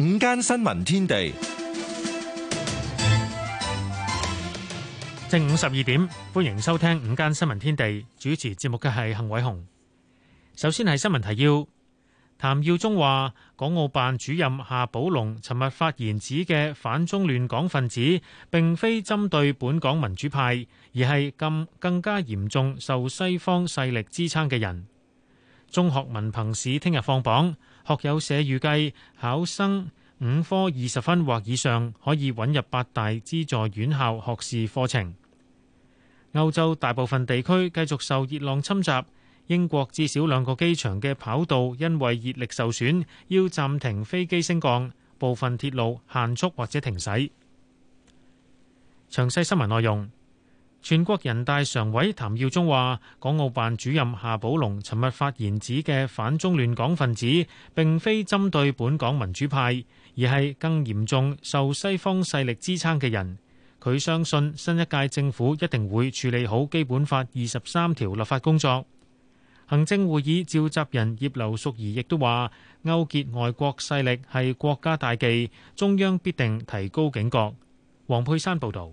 午間新聞天地，正午十二點，歡迎收聽午間新聞天地。主持節目嘅係幸偉雄。首先係新聞提要。譚耀宗話，港澳辦主任夏寶龍尋日發言指嘅反中亂港分子，並非針對本港民主派，而係咁更加嚴重受西方勢力支撐嘅人。中學文憑試聽日放榜。學友社預計考生五科二十分或以上可以穩入八大資助院校學士課程。歐洲大部分地區繼續受熱浪侵襲，英國至少兩個機場嘅跑道因為熱力受損，要暫停飛機升降，部分鐵路限速或者停駛。詳細新聞內容。全國人大常委譚耀宗話：港澳辦主任夏寶龍尋日發言指嘅反中亂港分子，並非針對本港民主派，而係更嚴重受西方勢力支撐嘅人。佢相信新一屆政府一定會處理好《基本法》二十三條立法工作。行政會議召集人葉劉淑儀亦都話：勾結外國勢力係國家大忌，中央必定提高警覺。黃佩珊報導。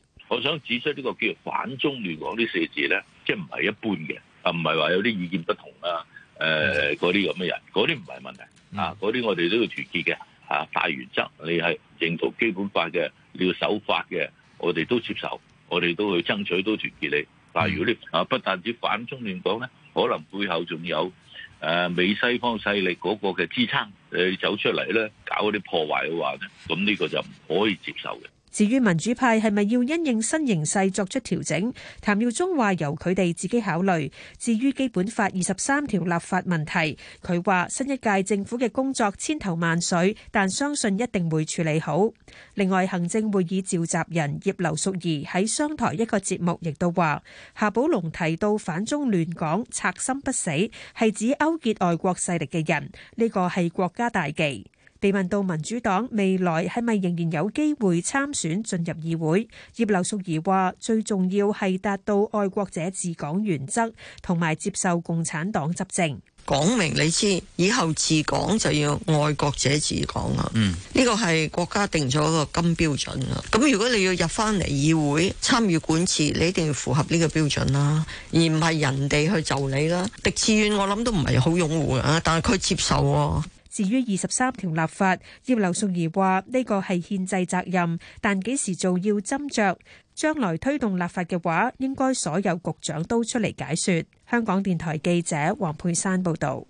我想指出呢個叫反中亂港呢四字咧，即係唔係一般嘅，啊唔係話有啲意見不同啊，誒嗰啲咁嘅人，嗰啲唔係問題啊，嗰啲我哋都要團結嘅，啊大原則你係認同基本法嘅，你要守法嘅，我哋都接受，我哋都去爭取都團結你。但如果你啊不但止反中亂港咧，可能背後仲有誒、啊、美西方勢力嗰個嘅支撐，你走出嚟咧搞啲破壞嘅話咧，咁呢個就唔可以接受嘅。至於民主派係咪要因應新形勢作出調整？譚耀宗話由佢哋自己考慮。至於基本法二十三條立法問題，佢話新一屆政府嘅工作千頭萬緒，但相信一定會處理好。另外，行政會議召集人葉劉淑儀喺商台一個節目亦都話，夏寶龍提到反中亂港、賊心不死係指勾結外國勢力嘅人，呢個係國家大忌。被問到民主黨未來係咪仍然有機會參選進入議會，葉劉淑儀話：最重要係達到愛國者治港原則，同埋接受共產黨執政。講明你知，以後治港就要愛國者治港啦。嗯，呢個係國家定咗一個金標準啦。咁如果你要入翻嚟議會參與管治，你一定要符合呢個標準啦，而唔係人哋去就你啦。狄志遠我諗都唔係好擁護啊，但係佢接受喎。至於二十三條立法，葉劉淑儀話呢個係憲制責任，但幾時做要斟酌。將來推動立法嘅話，應該所有局長都出嚟解説。香港電台記者黃佩珊報導。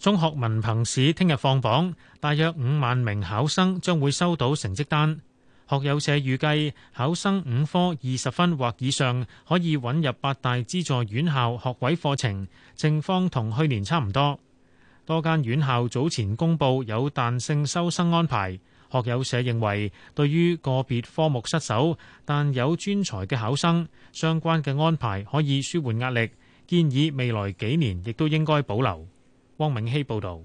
中學文憑試聽日放榜，大約五萬名考生將會收到成績單。學友社預計考生五科二十分或以上可以穩入八大資助院校學位課程，情況同去年差唔多。多間院校早前公布有彈性收生安排，學友社認為對於個別科目失手但有專才嘅考生，相關嘅安排可以舒緩壓力，建議未來幾年亦都應該保留。汪明熙報導。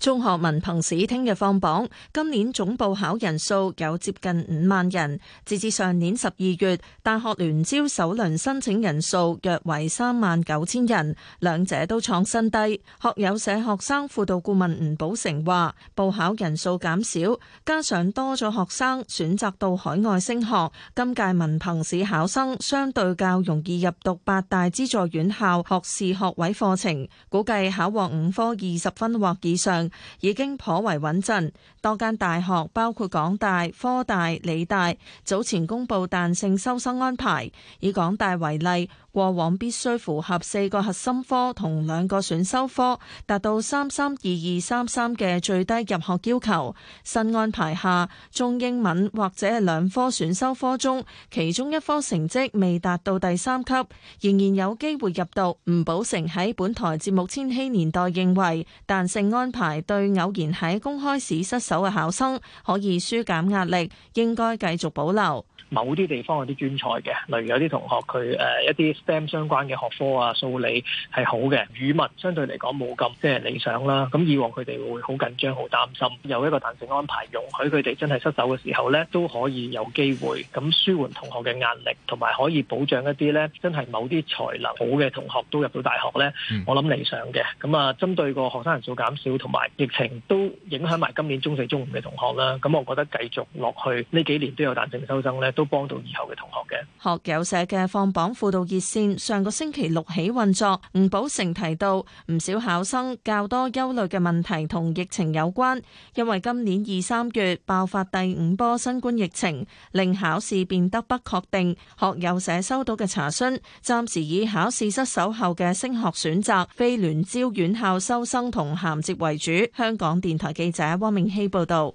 中學文憑試聽日放榜，今年總報考人數有接近五萬人。截至上年十二月，大學聯招首輪申請人數約為三萬九千人，兩者都創新低。學友社學生輔導顧問吳寶成話：報考人數減少，加上多咗學生選擇到海外升學，今屆文憑試考生相對較容易入讀八大資助院校學士學位課程。估計考獲五科二十分或以上。已經頗為穩陣，多間大學包括港大、科大、理大早前公布彈性收生安排。以港大為例，過往必須符合四個核心科同兩個選修科，達到三三二二三三嘅最低入學要求。新安排下，中英文或者係兩科選修科中，其中一科成績未達到第三級，仍然有機會入讀。吳寶成喺本台節目《千禧年代》認為，彈性安排。對偶然喺公開試失手嘅考生，可以紓減壓力，應該繼續保留。某啲地方有啲專才嘅，例如有啲同學佢誒、呃、一啲 STEM 相關嘅學科啊、數理係好嘅，語文相對嚟講冇咁即係理想啦。咁以往佢哋會好緊張、好擔心，有一個彈性安排容許佢哋真係失手嘅時候呢，都可以有機會咁舒緩同學嘅壓力，同埋可以保障一啲呢真係某啲才能好嘅同學都入到大學呢。嗯、我諗理想嘅。咁啊，針對個學生人數減少同埋疫情都影響埋今年中四中五嘅同學啦，咁我覺得繼續落去呢幾年都有彈性收生呢。都幫到以後嘅同學嘅。學友社嘅放榜輔導熱線上個星期六起運作。吳寶成提到，唔少考生較多憂慮嘅問題同疫情有關，因為今年二三月爆發第五波新冠疫情，令考試變得不確定。學友社收到嘅查詢，暫時以考試失守後嘅升學選擇、非聯招院校收生同銜接為主。香港電台記者汪明希報導。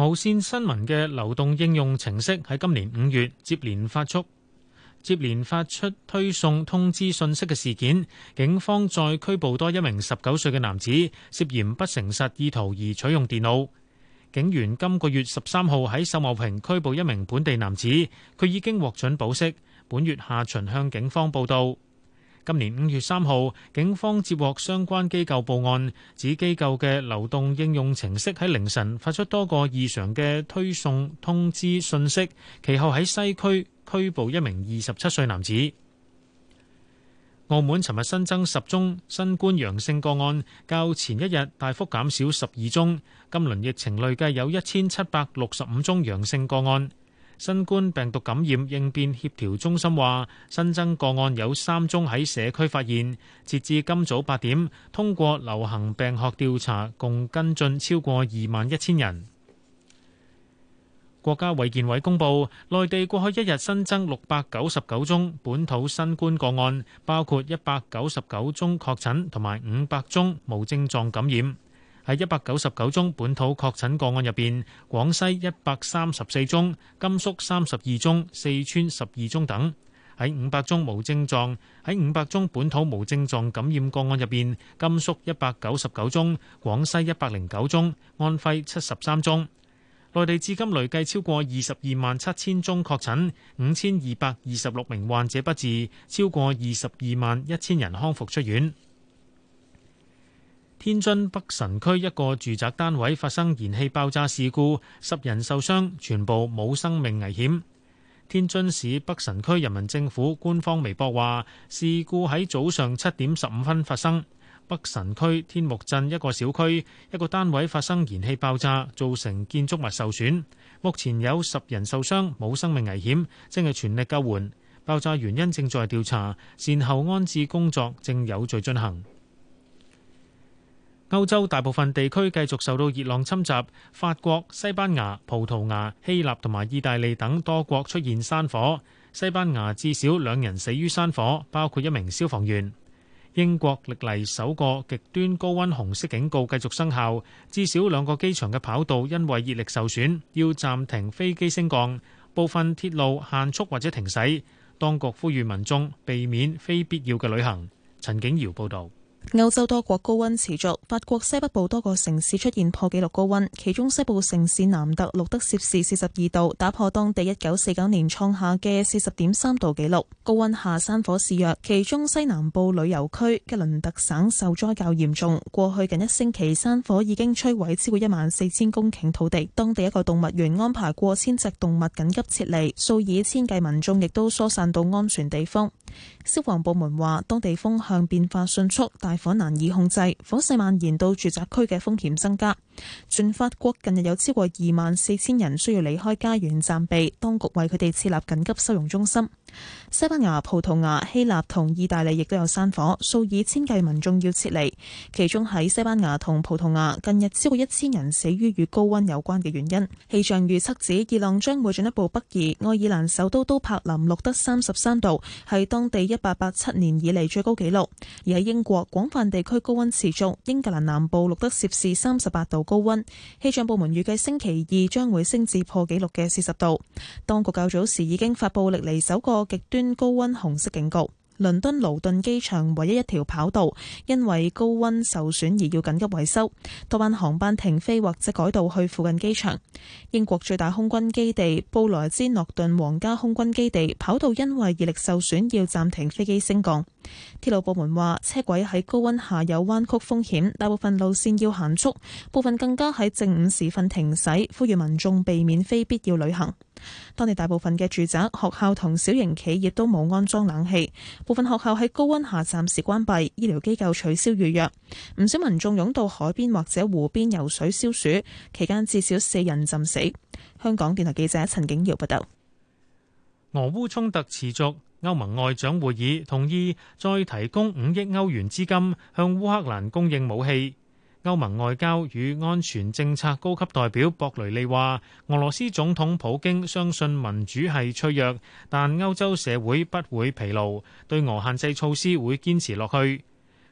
無線新聞嘅流動應用程式喺今年五月接連發出、接連發出推送通知信息嘅事件，警方再拘捕多一名十九歲嘅男子，涉嫌不誠實意圖而取用電腦。警員今個月十三號喺秀茂坪拘捕一名本地男子，佢已經獲准保釋，本月下旬向警方報到。今年五月三號，警方接獲相關機構報案，指機構嘅流動應用程式喺凌晨發出多個異常嘅推送通知信息，其後喺西區拘捕一名二十七歲男子。澳門尋日新增十宗新冠陽性個案，較前一日大幅減少十二宗。今輪疫情累計有一千七百六十五宗陽性個案。新冠病毒感染應變協調中心話，新增個案有三宗喺社區發現，截至今早八點，通過流行病學調查，共跟進超過二萬一千人。國家衛健委公布，內地過去一日新增六百九十九宗本土新冠個案，包括一百九十九宗確診同埋五百宗無症狀感染。喺一百九十九宗本土確診個案入邊，廣西一百三十四宗，甘肅三十二宗，四川十二宗等。喺五百宗無症狀，喺五百宗本土無症狀感染個案入邊，甘肅一百九十九宗，廣西一百零九宗，安徽七十三宗。內地至今累計超過二十二萬七千宗確診，五千二百二十六名患者不治，超過二十二萬一千人康復出院。天津北辰區一個住宅單位發生燃氣爆炸事故，十人受傷，全部冇生命危險。天津市北辰區人民政府官方微博話事故喺早上七點十五分發生，北辰區天穆鎮一個小區一個單位發生燃氣爆炸，造成建築物受損，目前有十人受傷冇生命危險，正係全力救援。爆炸原因正在調查，善後安置工作正有序進行。歐洲大部分地區繼續受到熱浪侵襲，法國、西班牙、葡萄牙、希臘同埋意大利等多國出現山火。西班牙至少兩人死於山火，包括一名消防員。英國歷嚟首個極端高溫紅色警告繼續生效，至少兩個機場嘅跑道因為熱力受損要暫停飛機升降，部分鐵路限速或者停駛。當局呼籲民眾避免非必要嘅旅行。陳景堯報道。歐洲多國高溫持續，法國西北部多個城市出現破紀錄高溫，其中西部城市南特錄得攝氏四十二度，打破當地一九四九年創下嘅四十點三度紀錄。高溫下山火肆虐，其中西南部旅遊區吉倫特省受災較嚴重。過去近一星期，山火已經摧毀超過一萬四千公頃土地，當地一個動物園安排過千隻動物緊急撤離，數以千計民眾亦都疏散到安全地方。消防部門話，當地風向變化迅速，大。火難以控制，火勢蔓延到住宅區嘅風險增加。全法國近日有超過二萬四千人需要離開家園暫避，當局為佢哋設立緊急收容中心。西班牙、葡萄牙、希臘同意大利亦都有山火，數以千計民眾要撤離。其中喺西班牙同葡萄牙近日超過一千人死於與高溫有關嘅原因。氣象預測指熱浪將會進一步北移。愛爾蘭首都都柏林錄得三十三度，係當地一八八七年以嚟最高紀錄。而喺英國，廣泛地區高溫持續，英格蘭南部錄得攝氏三十八度。高温，氣象部門預計星期二將會升至破紀錄嘅四十度。當局較早時已經發佈歷嚟首個極端高温紅色警告，倫敦勞頓機場唯一一條跑道因為高温受損而要緊急維修，多班航班停飛或者改道去附近機場。英國最大空軍基地布萊茲諾頓皇家空軍基地跑道因為熱力受損要暫停飛機升降。鐵路部門話，車軌喺高溫下有彎曲風險，大部分路線要限速，部分更加喺正午時分停駛，呼籲民眾避免非必要旅行。當地大部分嘅住宅、學校同小型企業都冇安裝冷氣，部分學校喺高溫下暫時關閉，醫療機構取消預約。唔少民眾湧到海邊或者湖邊游水消暑，期間至少四人浸死。香港電台記者陳景堯報道。俄烏衝突持續。歐盟外長會議同意再提供五億歐元資金，向烏克蘭供應武器。歐盟外交與安全政策高級代表博雷利話，俄羅斯總統普京相信民主係脆弱，但歐洲社會不會疲勞，對俄限制措施會堅持落去。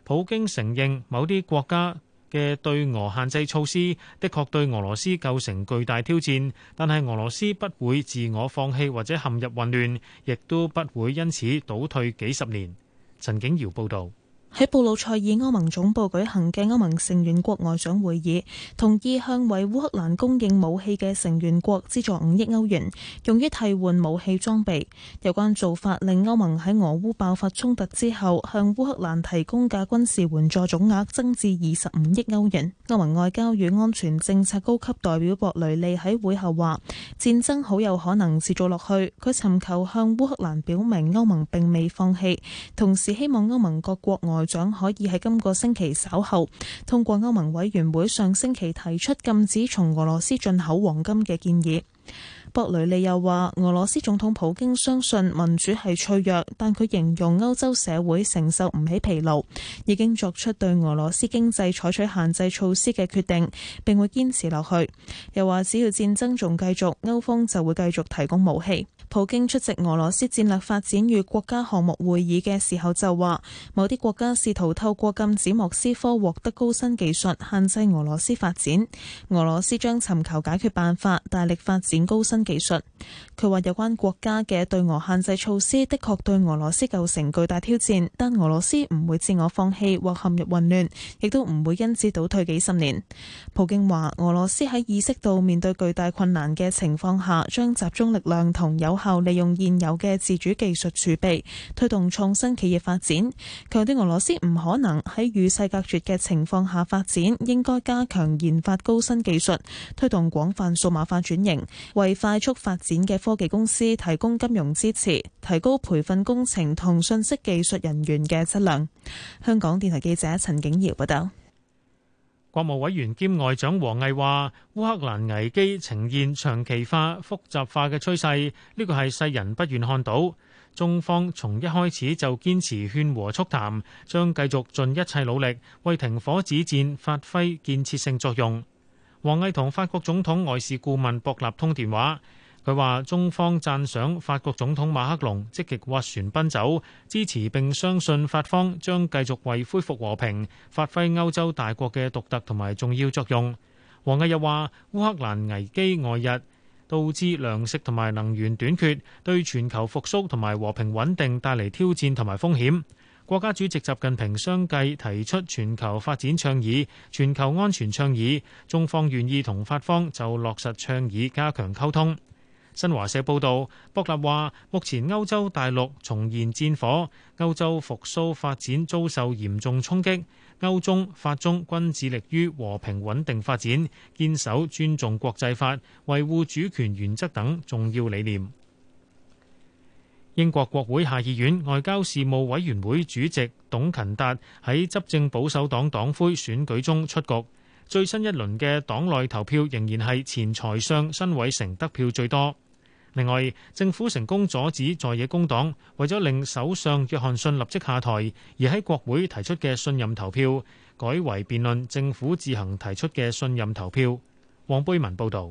普京承認某啲國家嘅對俄限制措施，的確對俄羅斯構成巨大挑戰，但係俄羅斯不會自我放棄或者陷入混亂，亦都不會因此倒退幾十年。陳景堯報導。喺布魯塞爾歐盟總部舉行嘅歐盟成員國外長會議，同意向為烏克蘭供應武器嘅成員國資助五億歐元，用於替換武器裝備。有關做法令歐盟喺俄烏爆發衝突之後，向烏克蘭提供嘅軍事援助總額增至二十五億歐元。歐盟外交與安全政策高級代表博雷利喺會後話：戰爭好有可能持續落去。佢尋求向烏克蘭表明歐盟並未放棄，同時希望歐盟各國外。長可以喺今個星期稍後通過歐盟委員會上星期提出禁止從俄羅斯進口黃金嘅建議。博雷利又話：俄羅斯總統普京相信民主係脆弱，但佢形容歐洲社會承受唔起疲勞，已經作出對俄羅斯經濟採取限制措施嘅決定，並會堅持落去。又話只要戰爭仲繼續，歐方就會繼續提供武器。普京出席俄羅斯戰略發展與國家項目會議嘅時候就話，某啲國家試圖透過禁止莫斯科獲得高新技術，限制俄羅斯發展。俄羅斯將尋求解決辦法，大力發展高新技術。佢話有關國家嘅對俄限制措施的確對俄羅斯構成巨大挑戰，但俄羅斯唔會自我放棄或陷入混亂，亦都唔會因此倒退幾十年。普京話，俄羅斯喺意識到面對巨大困難嘅情況下，將集中力量同有限。後利用現有嘅自主技術儲備，推動創新企業發展。強調俄羅斯唔可能喺與世隔絕嘅情況下發展，應該加強研發高新技術，推動廣泛數碼化轉型，為快速發展嘅科技公司提供金融支持，提高培訓工程同信息技術人員嘅質量。香港電台記者陳景堯報道。國務委員兼外長王毅話：烏克蘭危機呈現長期化、複雜化嘅趨勢，呢個係世人不願看到。中方從一開始就堅持勸和促談，將繼續盡一切努力為停火止戰發揮建設性作用。王毅同法國總統外事顧問博納通電話。佢話：中方讚賞法國總統馬克龍積極斡旋奔走，支持並相信法方將繼續為恢復和平發揮歐洲大國嘅獨特同埋重要作用。王毅又話：烏克蘭危機外溢導致糧食同埋能源短缺，對全球復甦同埋和平穩定帶嚟挑戰同埋風險。國家主席習近平相繼提出全球發展倡議、全球安全倡議，中方願意同法方就落實倡議加強溝通。新華社報道，博納話目前歐洲大陸重燃戰火，歐洲復甦發展遭受嚴重衝擊，歐中法中均致力於和平穩定發展，堅守尊重國際法、維護主權原則等重要理念。英國國會下議院外交事務委員會主席董勤達喺執政保守黨黨魁選舉中出局，最新一輪嘅黨內投票仍然係前財相辛偉成得票最多。另外，政府成功阻止在野工黨，為咗令首相約翰遜立即下台，而喺國會提出嘅信任投票改為辯論政府自行提出嘅信任投票。黃貝文報道。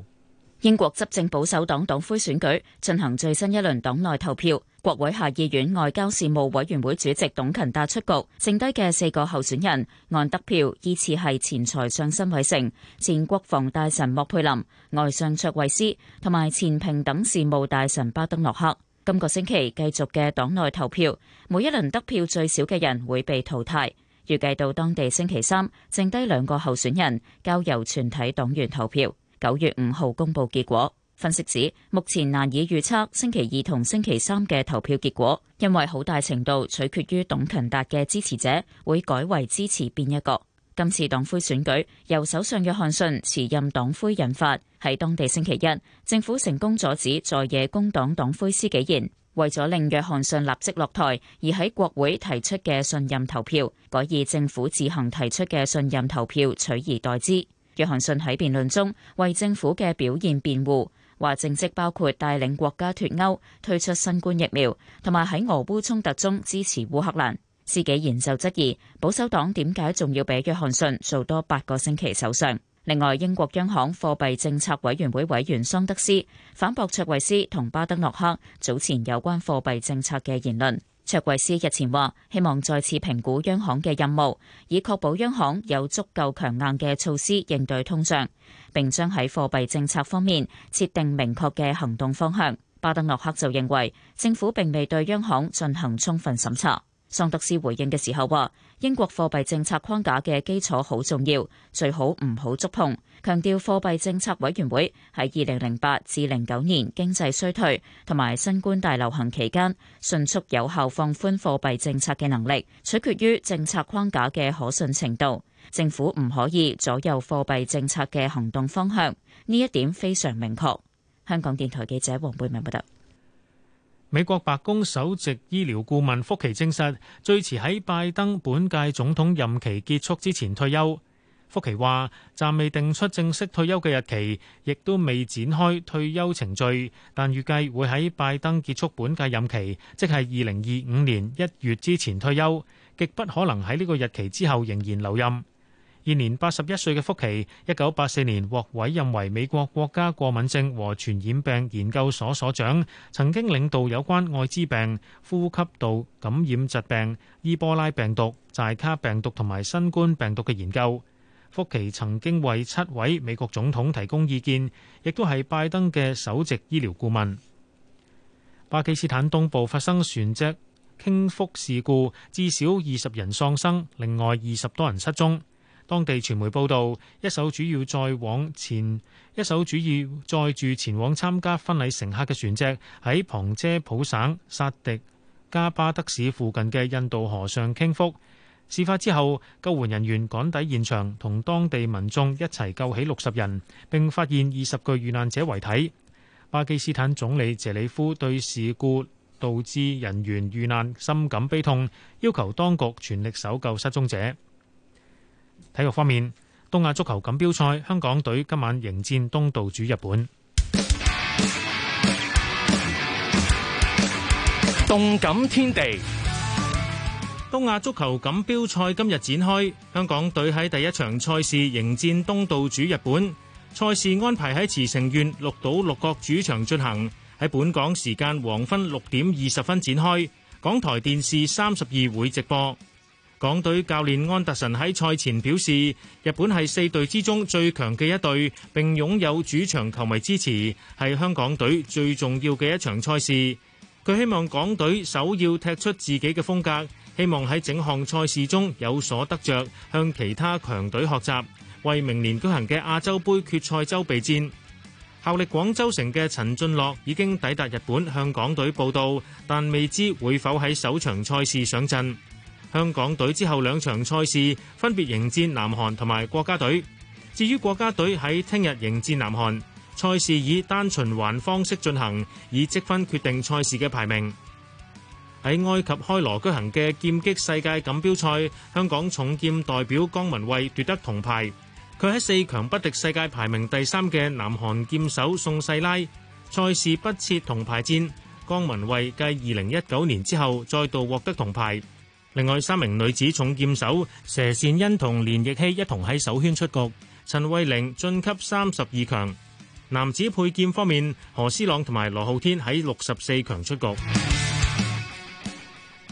英國執政保守黨黨魁選舉進行最新一輪黨內投票，國會下議院外交事務委員會主席董勤達出局，剩低嘅四個候選人按得票依次係前財相新偉成、前國防大臣莫佩林、外相卓慧斯同埋前平等事務大臣巴登洛克。今個星期繼續嘅黨內投票，每一輪得票最少嘅人會被淘汰，預計到當地星期三，剩低兩個候選人交由全體黨員投票。九月五號公布結果，分析指目前難以預測星期二同星期三嘅投票結果，因為好大程度取決於董勤達嘅支持者會改為支持邊一個。今次黨魁選舉由首相約翰遜辭任黨魁引發，喺當地星期一，政府成功阻止在野工黨黨魁施紀賢，為咗令約翰遜立即落台，而喺國會提出嘅信任投票，改以政府自行提出嘅信任投票取而代之。約翰遜喺辯論中為政府嘅表現辯護，話政績包括帶領國家脫歐、推出新冠疫苗，同埋喺俄烏衝突中支持烏克蘭。自己言受質疑，保守黨點解仲要俾約翰遜做多八個星期首相？另外，英國央行貨幣政策委員會委員桑德斯反駁卓維斯同巴德諾克早前有關貨幣政策嘅言論。卓慧思日前話，希望再次評估央行嘅任務，以確保央行有足夠強硬嘅措施應對通脹，並將喺貨幣政策方面設定明確嘅行動方向。巴登諾克就認為政府並未對央行進行充分審查。桑德斯回應嘅時候話。英國貨幣政策框架嘅基礎好重要，最好唔好觸碰。強調貨幣政策委員會喺二零零八至零九年經濟衰退同埋新冠大流行期間，迅速有效放寬貨幣政策嘅能力，取決於政策框架嘅可信程度。政府唔可以左右貨幣政策嘅行動方向，呢一點非常明確。香港電台記者黃貝文報道。美國白宮首席醫療顧問福奇證實，最遲喺拜登本屆總統任期結束之前退休。福奇話，暫未定出正式退休嘅日期，亦都未展開退休程序，但預計會喺拜登結束本屆任期，即係二零二五年一月之前退休，極不可能喺呢個日期之後仍然留任。現年八十一歲嘅福奇，一九八四年獲委任為美國國家過敏症和傳染病研究所所長，曾經領導有關艾滋病、呼吸道感染疾病、伊波拉病毒、寨卡病毒同埋新冠病毒嘅研究。福奇曾經為七位美國總統提供意見，亦都係拜登嘅首席醫療顧問。巴基斯坦東部發生船隻傾覆事故，至少二十人喪生，另外二十多人失蹤。當地傳媒報導，一艘主要載往前，一艘主要載住前往參加婚禮乘客嘅船隻，喺旁遮普省薩迪加巴德市附近嘅印度河上傾覆。事發之後，救援人員趕抵現場，同當地民眾一齊救起六十人，並發現二十具遇難者遺體。巴基斯坦總理謝里夫對事故導致人員遇難深感悲痛，要求當局全力搜救失蹤者。體育方面，東亞足球錦標賽香港隊今晚迎戰東道主日本。動感天地，東亞足球錦標賽今日展開，香港隊喺第一場賽事迎戰東道主日本。賽事安排喺茨城縣鹿島鹿角主場進行，喺本港時間黃昏六點二十分展開，港台電視三十二會直播。港隊教練安達臣喺賽前表示，日本係四隊之中最強嘅一隊，並擁有主場球迷支持，係香港隊最重要嘅一場賽事。佢希望港隊首要踢出自己嘅風格，希望喺整項賽事中有所得着，向其他強隊學習，為明年舉行嘅亞洲盃決賽周備戰。效力廣州城嘅陳俊樂已經抵達日本向港隊報到，但未知會否喺首場賽事上陣。香港隊之後兩場賽事分別迎戰南韓同埋國家隊。至於國家隊喺聽日迎戰南韓，賽事以單循環方式進行，以積分決定賽事嘅排名。喺埃及開羅舉行嘅劍擊世界錦標賽，香港重劍代表江文蔚奪得銅牌。佢喺四強不敵世界排名第三嘅南韓劍手宋世拉。賽事不設銅牌戰，江文蔚繼二零一九年之後再度獲得銅牌。另外三名女子重劍手佘善恩同連奕希一同喺首圈出局，陳慧玲晉級三十二強。男子佩劍方面，何思朗同埋羅浩天喺六十四強出局。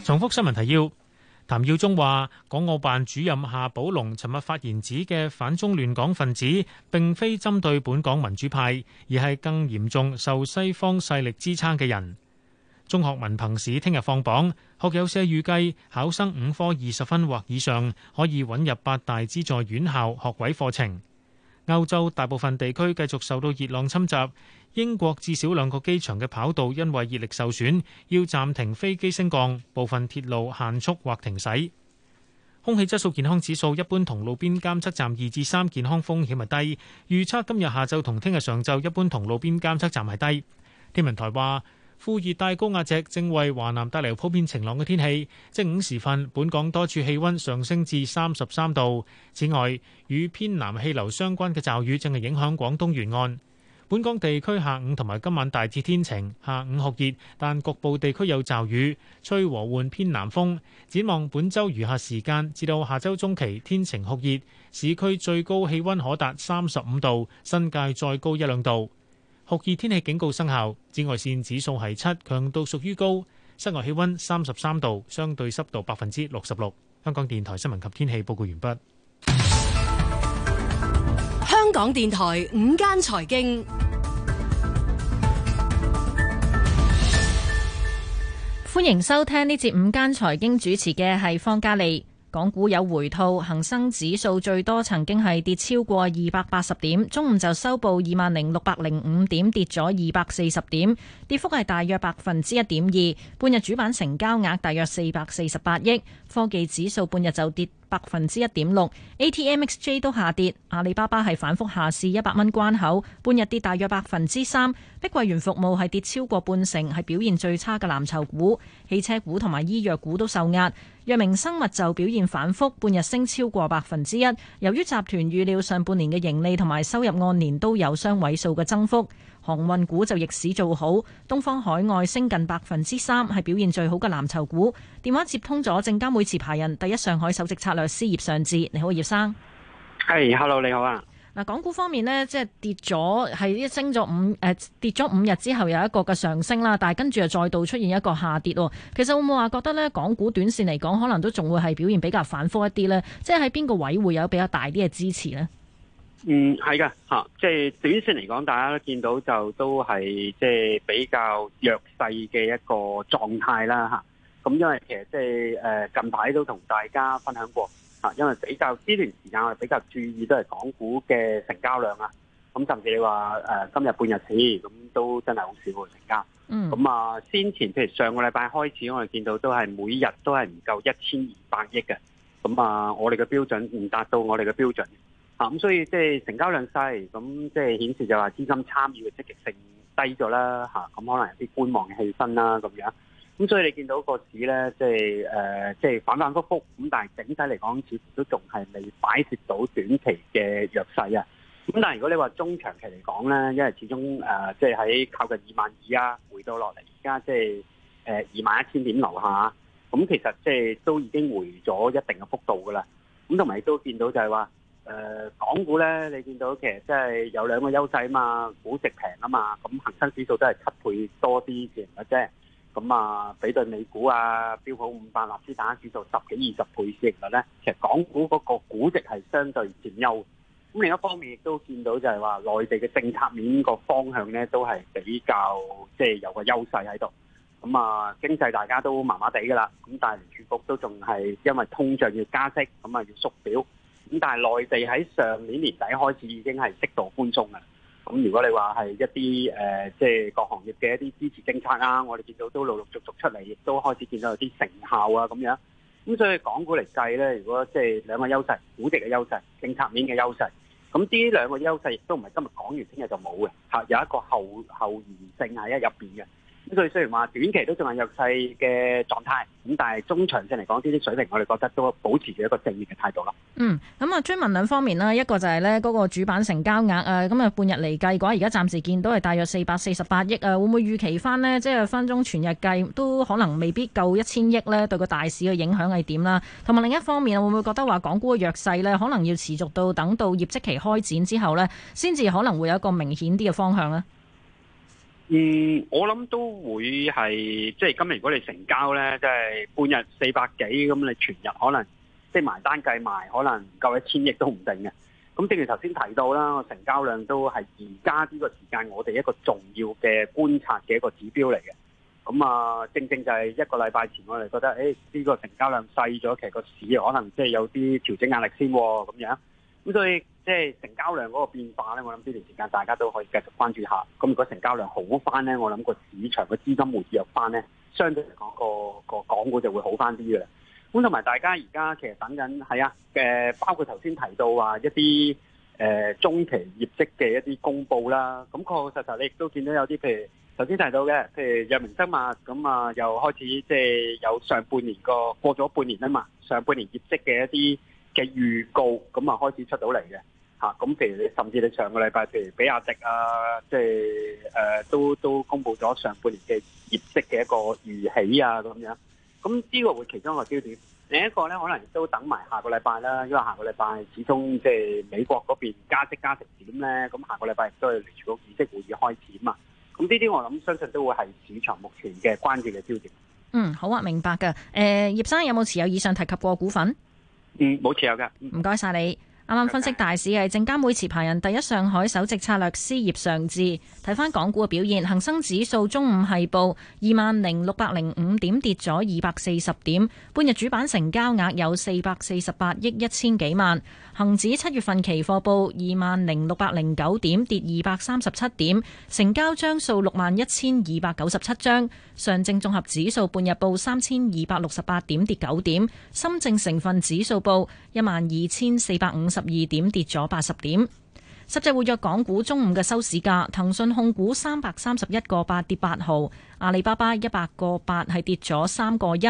重複新聞提要：譚耀宗話，港澳辦主任夏寶龍尋日發言指嘅反中亂港分子，並非針對本港民主派，而係更嚴重受西方勢力支撐嘅人。中學文憑試聽日放榜，學友社預計考生五科二十分或以上可以穩入八大資助院校學位課程。歐洲大部分地區繼續受到熱浪侵襲，英國至少兩個機場嘅跑道因為熱力受損要暫停飛機升降，部分鐵路限速或停駛。空氣質素健康指數一般同路邊監測站二至三，健康風險係低。預測今日下晝同聽日上晝一般同路邊監測站係低。天文台話。副熱帶高壓脊正為華南帶嚟普遍晴朗嘅天氣，正午時分本港多處氣溫上升至三十三度。此外，與偏南氣流相關嘅驟雨正係影響廣東沿岸。本港地區下午同埋今晚大致天晴，下午酷熱，但局部地區有驟雨，吹和緩偏南風。展望本周餘下時間至到下周中期，天晴酷熱，市區最高氣溫可達三十五度，新界再高一兩度。酷熱天氣警告生效，紫外線指數係七，強度屬於高。室外氣温三十三度，相對濕度百分之六十六。香港電台新聞及天氣報告完畢。香港電台午間財經，歡迎收聽呢節午間財經主持嘅係方嘉莉。港股有回吐，恒生指數最多曾經係跌超過二百八十點，中午就收報二萬零六百零五點，跌咗二百四十點，跌幅係大約百分之一點二，半日主板成交額大約四百四十八億。科技指數半日就跌百分之一點六，ATMXJ 都下跌，阿里巴巴係反覆下試一百蚊關口，半日跌大約百分之三。碧桂園服務係跌超過半成，係表現最差嘅藍籌股。汽車股同埋醫藥股都受壓，藥明生物就表現反覆，半日升超過百分之一。由於集團預料上半年嘅盈利同埋收入按年都有雙位數嘅增幅。航運股就逆市做好，東方海外升近百分之三，係表現最好嘅藍籌股。電話接通咗，證監會持牌人、第一上海首席策略師葉尚志，你好，葉生。係、hey,，hello，你好啊。嗱，港股方面呢，即係跌咗，係一升咗五，誒，跌咗五日之後有一個嘅上升啦，但係跟住又再度出現一個下跌。其實會唔會話覺得呢？港股短線嚟講，可能都仲會係表現比較反復一啲呢？即係喺邊個位會有比較大啲嘅支持呢？嗯，係噶吓，即係短線嚟講，大家都見到就都係即係比較弱勢嘅一個狀態啦吓。咁、啊啊、因為其實即係誒近排都同大家分享過吓、啊，因為比較呢段時間我哋比較注意都係港股嘅成交量啊。咁甚至你話誒、啊、今日半日起咁、啊、都真係好少嘅成交。嗯。咁啊，先前譬如上個禮拜開始，我哋見到都係每日都係唔夠一千二百億嘅。咁啊，我哋嘅標準唔達到我哋嘅標準。吓咁、嗯，所以即係成交量細，咁即係顯示就話資金參與嘅積極性低咗啦，吓、啊、咁、嗯、可能有啲觀望嘅氣氛啦，咁、啊、樣。咁、嗯、所以你見到個市咧，即係誒，即、呃、係、就是、反反復復，咁但係整體嚟講，似乎都仲係未擺脫到短期嘅弱勢啊。咁但係如果你話中長期嚟講咧，因為始終誒，即係喺靠近二萬二啊，回到落嚟而家即係誒二萬一千點樓下，咁、嗯、其實即係都已經回咗一定嘅幅度噶啦。咁同埋亦都見到就係話。誒、呃、港股咧，你見到其實即係有兩個優勢啊嘛，估值平啊嘛，咁恒生指數都係七倍多啲嘅，唔啫。咁啊，比對美股啊，標普五百、納斯達克指數十幾二十倍先嘅咧，其實港股嗰個估值係相對佔優。咁另一方面亦都見到就係話，內地嘅政策面個方向咧，都係比較即係、就是、有個優勢喺度。咁啊，經濟大家都麻麻地㗎啦。咁但係全屋都仲係因為通脹要加息，咁啊要縮表。咁但係內地喺上年年底開始已經係適度寬鬆㗎。咁如果你話係一啲誒，即、呃、係、就是、各行業嘅一啲支持政策啊，我哋見到都陸陸續續出嚟，亦都開始見到有啲成效啊咁樣。咁所以港股嚟計咧，如果即係兩個優勢，估值嘅優勢，政策面嘅優勢，咁呢兩個優勢亦都唔係今日講完，聽日就冇嘅嚇，有一個後延性剩喺入邊嘅。佢雖然話短期都仲係弱勢嘅狀態，咁但係中長線嚟講，呢啲水平我哋覺得都保持住一個正面嘅態度啦。嗯，咁啊，追問兩方面啦，一個就係呢嗰個主板成交額啊，咁、嗯、啊半日嚟計嘅話，而家暫時見到係大約四百四十八億啊，會唔會預期翻呢？即係分鐘全日計都可能未必夠一千億呢？對個大市嘅影響係點啦？同埋另一方面，會唔會覺得話港股嘅弱勢呢，可能要持續到等到業績期開展之後呢，先至可能會有一個明顯啲嘅方向呢？嗯，我諗都會係，即係今日如果你成交呢，即係半日四百幾，咁你全日可能即係埋單計埋，可能唔夠一千億都唔定嘅。咁正如頭先提到啦，成交量都係而家呢個時間我哋一個重要嘅觀察嘅一個指標嚟嘅。咁啊，正正就係一個禮拜前我哋覺得，誒，哎，呢個成交量細咗，其實個市可能即係有啲調整壓力先，哦，咁樣。咁所以即係、就是、成交量嗰個變化咧，我諗呢段時間大家都可以繼續關注下。咁如果成交量好翻咧，我諗個市場嘅資金活躍翻咧，相對嚟講個個港股就會好翻啲嘅啦。咁同埋大家而家其實等緊係啊，誒包括頭先提到話一啲誒、呃、中期業績嘅一啲公佈啦。咁確確實實你亦都見到有啲譬如頭先提到嘅，譬如有明星物藥明生物咁啊，又開始即係有上半年個過咗半年啊嘛，上半年業績嘅一啲嘅預告，咁啊，開始出到嚟嘅嚇，咁譬如你甚至你上個禮拜，譬如比亞迪啊，即係誒、呃、都都公佈咗上半年嘅業績嘅一個預喜啊咁樣，咁呢個會其中一個焦點。另一個咧，可能都等埋下個禮拜啦，因為下個禮拜始終即係美國嗰邊加息加成點咧，咁下個禮拜亦都係聯儲局議息會議開始啊嘛。咁呢啲我諗相信都會係市場目前嘅關鍵嘅焦點。嗯，好啊，明白嘅。誒、呃，葉生有冇持有以上提及過股份？嗯，冇持有噶。唔該晒你。啱啱分析大市係證監會持牌人第一上海首席策略師葉尚志。睇翻港股嘅表現，恒生指數中午係報二萬零六百零五點，跌咗二百四十點。半日主板成交額有四百四十八億一千幾萬。恒指七月份期貨報二萬零六百零九點，跌二百三十七點，成交張數六萬一千二百九十七張。上證綜合指數半日報三千二百六十八點，跌九點。深證成分指數報一萬二千四百五十。十二點跌咗八十點，十隻活躍港股中午嘅收市價，騰訊控股三百三十一個八跌八毫，阿里巴巴一百個八係跌咗三個一，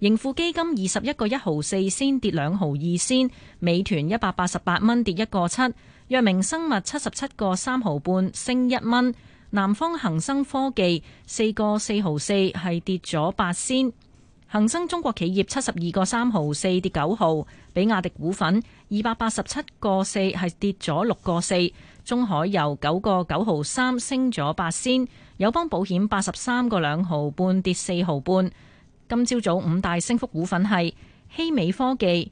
盈富基金二十一個一毫四先跌兩毫二先，美團一百八十八蚊跌一個七，藥明生物七十七個三毫半升一蚊，南方恒生科技四個四毫四係跌咗八仙，恒生中國企業七十二個三毫四跌九毫。比亞迪股份二百八十七個四係跌咗六個四，中海油九個九毫三升咗八仙，友邦保險八十三個兩毫半跌四毫半。今朝早五大升幅股份係希美科技、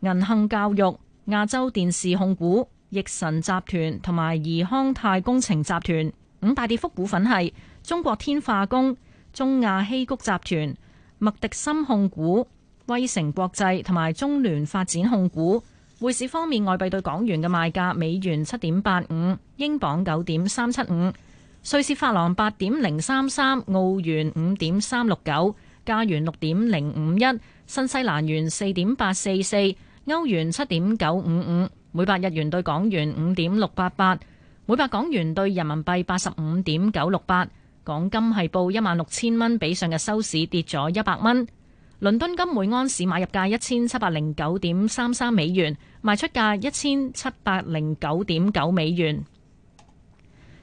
銀杏教育、亞洲電視控股、易神集團同埋怡康泰工程集團。五大跌幅股份係中國天化工、中亞希谷集團、麥迪森控股。威城國際同埋中聯發展控股。匯市方面，外幣對港元嘅賣價：美元七點八五，英鎊九點三七五，瑞士法郎八點零三三，澳元五點三六九，加元六點零五一，新西蘭元四點八四四，歐元七點九五五。每百日元對港元五點六八八，每百港元對人民幣八十五點九六八。港金係報一萬六千蚊，比上嘅收市跌咗一百蚊。倫敦金每安士買入價一千七百零九點三三美元，賣出價一千七百零九點九美元。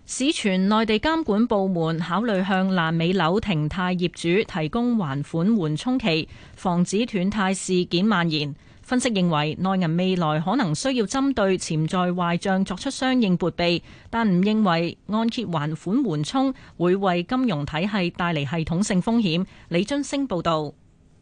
市傳內地監管部門考慮向爛尾樓停貸業主提供還款緩衝期，防止斷貸事件蔓延。分析認為，內銀未來可能需要針對潛在壞賬作出相應撥備，但唔認為按揭還款緩衝會為金融體系帶嚟系統性風險。李津升報道。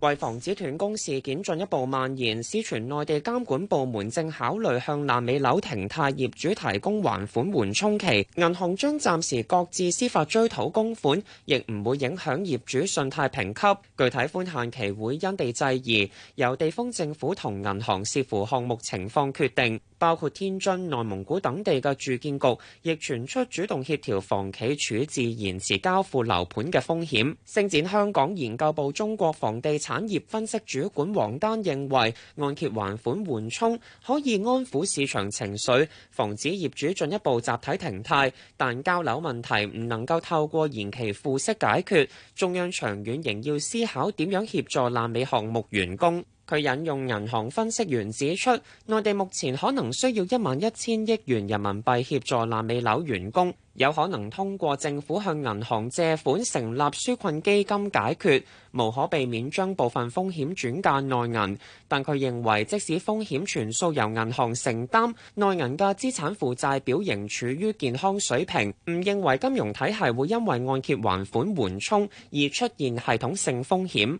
為防止斷供事件進一步蔓延，市傳內地監管部門正考慮向爛尾樓停貸業主提供還款緩衝期。銀行將暫時擱置司法追討供款，亦唔會影響業主信貸評級。具體寬限期會因地制宜，由地方政府同銀行視乎項目情況決定。包括天津、內蒙古等地嘅住建局，亦傳出主動協調房企處置延遲交付樓盤嘅風險。星展香港研究部中國房地產業分析主管王丹認為按揭還款緩衝可以安撫市場情緒，防止業主進一步集體停貸，但交樓問題唔能夠透過延期付息解決，中央長遠仍要思考點樣協助爛尾項目完工。佢引用銀行分析員指出，內地目前可能需要一萬一千億元人民幣協助爛尾樓完工，有可能通過政府向銀行借款成立紓困基金解決，無可避免將部分風險轉嫁內銀。但佢認為，即使風險全數由銀行承擔，內銀嘅資產負債表仍處於健康水平，唔認為金融體系會因為按揭還款緩衝而出現系統性風險。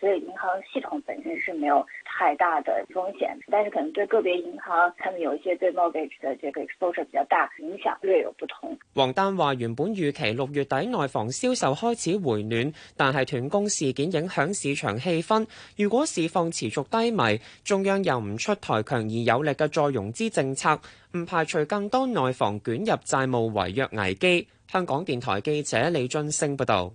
所以銀行系統本身是沒有太大的風險，但是可能對個別銀行，他們有一些對 mortgage 的這個 exposure 比較大，影響略有不同。王丹話：原本預期六月底內房銷售開始回暖，但係斷供事件影響市場氣氛。如果市況持續低迷，中央又唔出台強而有力嘅再融資政策，唔排除更多內房捲入債務違約危機。香港電台記者李津升報道。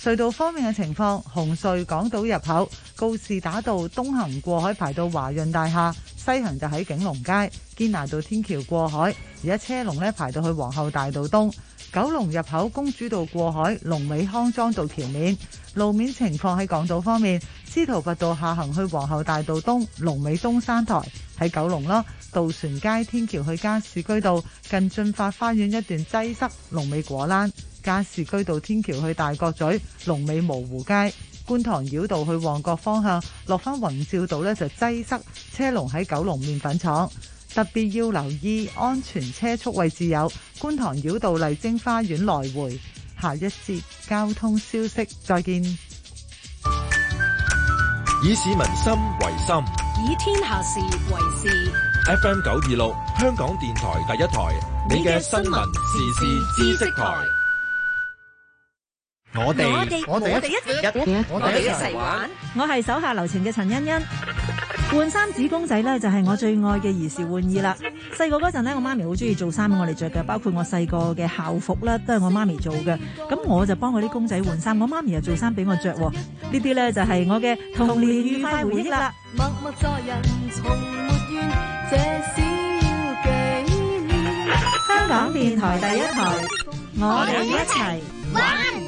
隧道方面嘅情況，紅隧港島入口告士打道東行過海排到華潤大廈，西行就喺景隆街堅拿道天橋過海，而家車龍呢排到去皇后大道東。九龍入口公主道過海，龍尾康莊道橋面。路面情況，喺港島方面，司徒拔道下行去皇后大道東，龍尾東山台。喺九龍啦，渡船街天橋去加士居道近駿發花園一段擠塞，龍尾果欄。加士居道天橋去大角咀、龍尾蕪湖街、觀塘繞道去旺角方向，落翻宏照道呢就擠塞，車龍喺九龍麵粉廠。特別要留意安全車速位置有觀塘繞道麗晶花園來回。下一節交通消息再見。以市民心為心，以天下事為事。FM 九二六，香港電台第一台，你嘅新聞時事知識台。我哋我哋我哋一我哋一我哋一齊玩，我係手下留情嘅陳欣欣。換衫子公仔咧，就係我最愛嘅兒時玩意啦。細個嗰陣咧，我媽咪好中意做衫俾我哋着嘅，包括我細個嘅校服啦，都係我媽咪做嘅。咁我就幫我啲公仔換衫，我媽咪又做衫俾我着。呢啲咧就係我嘅童年愉快回憶啦。香港電台第一台，我哋一齊玩。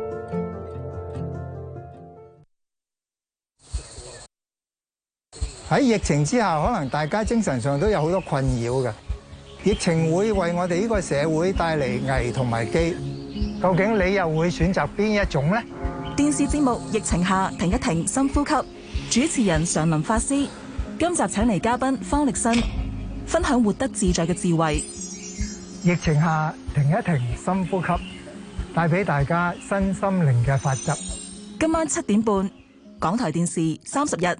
喺疫情之下，可能大家精神上都有好多困擾嘅。疫情會為我哋呢個社會帶嚟危同埋機，究竟你又會選擇邊一種咧？電視節目《疫情下停一停深呼吸》，主持人常林法師，今集請嚟嘉賓方力申，分享活得自在嘅智慧。疫情下停一停深呼吸，帶俾大家身心靈嘅法則。今晚七點半，港台電視三十日。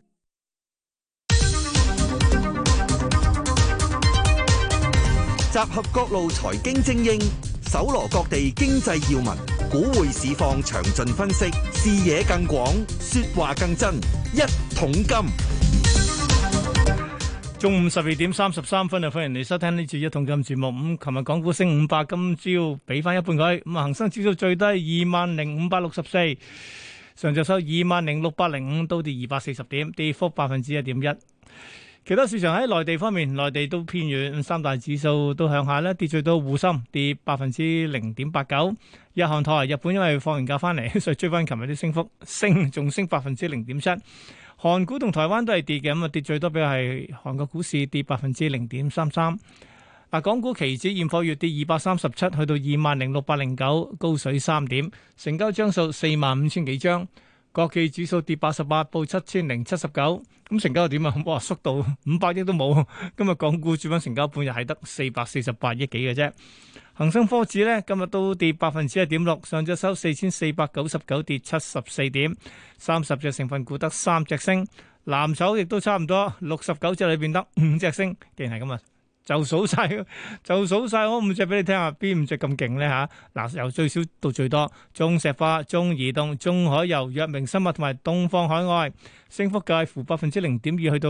集合各路財經精英，搜羅各地經濟要聞，股匯市況詳盡分析，視野更廣，說話更真。一桶金，中午十二點三十三分啊！歡迎你收聽呢次一桶金節目。咁，琴日港股升五百，今朝畀返一半佢。咁啊，恒生指數最低二萬零五百六十四，上晝收二萬零六百零五，倒跌二百四十點，跌幅百分之一點一。其他市場喺內地方面，內地都偏軟，三大指數都向下咧，跌最多滬深跌百分之零點八九，日韓台日本因為放完假翻嚟，所以追翻琴日啲升幅，升仲升百分之零點七，韓股同台灣都係跌嘅，咁啊跌最多，比如係韓國股市跌百分之零點三三，嗱港股期指現貨月跌二百三十七，去到二萬零六百零九，高水三點，成交張數四萬五千幾張。國企指數跌八十八，報七千零七十九，咁成交又點啊？哇，縮到五百億都冇，今日港股主板成交半日係得四百四十八億幾嘅啫。恒生科指咧今日都跌百分之一點六，上咗收四千四百九十九，跌七十四點，三十隻成分股得三隻升，藍籌亦都差唔多，六十九隻裏邊得五隻升，既然係咁啊！就數晒，就數晒，我五隻俾你聽下，邊五隻咁勁咧吓？嗱、啊，由最少到最多，中石化、中移動、中海油、藥明生物同埋東方海外，升幅介乎百分之零點二去到。